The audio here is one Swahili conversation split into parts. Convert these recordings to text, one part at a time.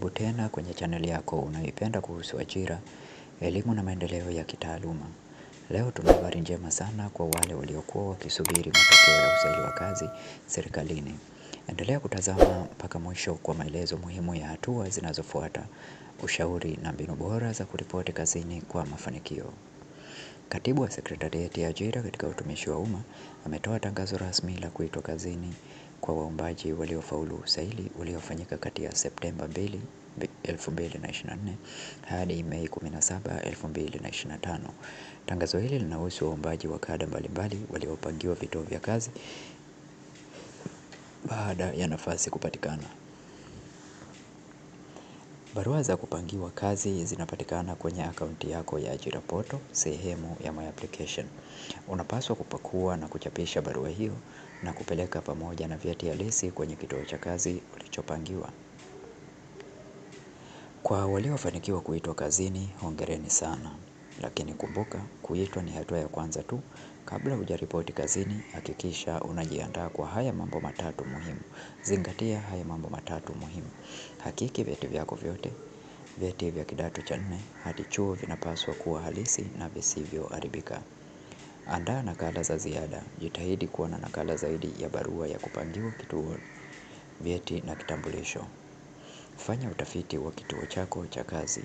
Karibu tena kwenye chaneli yako unayoipenda kuhusu ajira, elimu na maendeleo ya kitaaluma. Leo tuna habari njema sana kwa wale waliokuwa wakisubiri matokeo ya usaili wa kazi serikalini. Endelea kutazama mpaka mwisho kwa maelezo muhimu ya hatua zinazofuata, ushauri na mbinu bora za kuripoti kazini kwa mafanikio. Katibu wa Sekretarieti ya Ajira katika Utumishi wa Umma ametoa tangazo rasmi la kuitwa kazini kwa waombaji waliofaulu usaili uliofanyika kati ya Septemba 2, 2024 hadi Mei 17, 2025. Tangazo hili linahusu waombaji wa kada mbalimbali waliopangiwa vituo vya kazi baada ya nafasi kupatikana. Barua za kupangiwa kazi zinapatikana kwenye akaunti yako ya ajira portal, sehemu ya my application. Unapaswa kupakua na kuchapisha barua hiyo na kupeleka pamoja na vyeti halisi kwenye kituo cha kazi ulichopangiwa. Kwa waliofanikiwa kuitwa kazini, hongereni sana. Lakini kumbuka, kuitwa ni hatua ya kwanza tu. Kabla hujaripoti kazini, hakikisha unajiandaa kwa haya mambo matatu muhimu. Zingatia haya mambo matatu muhimu. Hakiki vyeti vyako vyote, vyeti vya kidato cha nne, hadi chuo vinapaswa kuwa halisi na visivyoharibika. Andaa nakala za ziada, jitahidi kuwa na nakala zaidi ya barua ya kupangiwa kituo vyeti na kitambulisho. Fanya utafiti wa kituo chako cha kazi,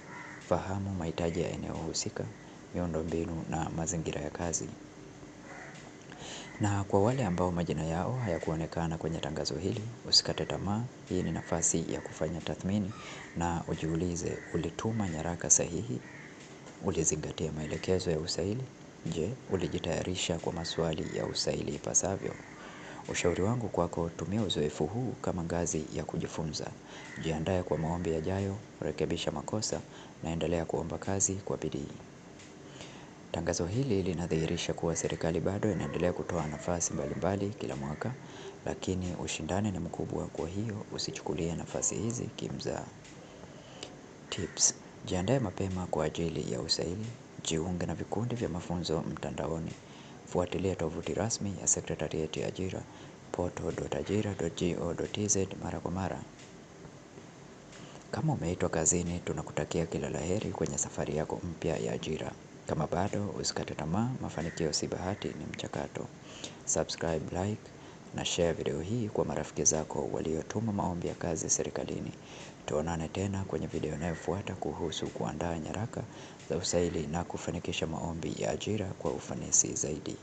fahamu mahitaji ya eneo husika, miundo mbinu na mazingira ya kazi. Na kwa wale ambao majina yao hayakuonekana kwenye tangazo hili, usikate tamaa, hii ni nafasi ya kufanya tathmini na ujiulize ulituma nyaraka sahihi, ulizingatia maelekezo ya usaili Je, ulijitayarisha kwa maswali ya usaili ipasavyo? Ushauri wangu kwako tumia uzoefu huu kama ngazi ya kujifunza. Jiandae kwa maombi yajayo, rekebisha makosa na endelea kuomba kazi kwa bidii. Tangazo hili linadhihirisha kuwa serikali bado inaendelea kutoa nafasi mbalimbali kila mwaka, lakini ushindani ni mkubwa kwa hiyo usichukulie nafasi hizi kimzaa. Tips, jiandae mapema kwa ajili ya usaili, Jiunge na vikundi vya mafunzo mtandaoni. Fuatilia tovuti rasmi ya sekretarieti ya ajira portal.ajira.go.tz mara kwa mara. Kama umeitwa kazini, tunakutakia kila laheri kwenye safari yako mpya ya ajira. Kama bado, usikate tamaa, mafanikio si bahati ni mchakato. Subscribe, like, na share video hii kwa marafiki zako waliotuma maombi ya kazi serikalini. Tuonane tena kwenye video inayofuata kuhusu kuandaa nyaraka za usaili na kufanikisha maombi ya ajira kwa ufanisi zaidi.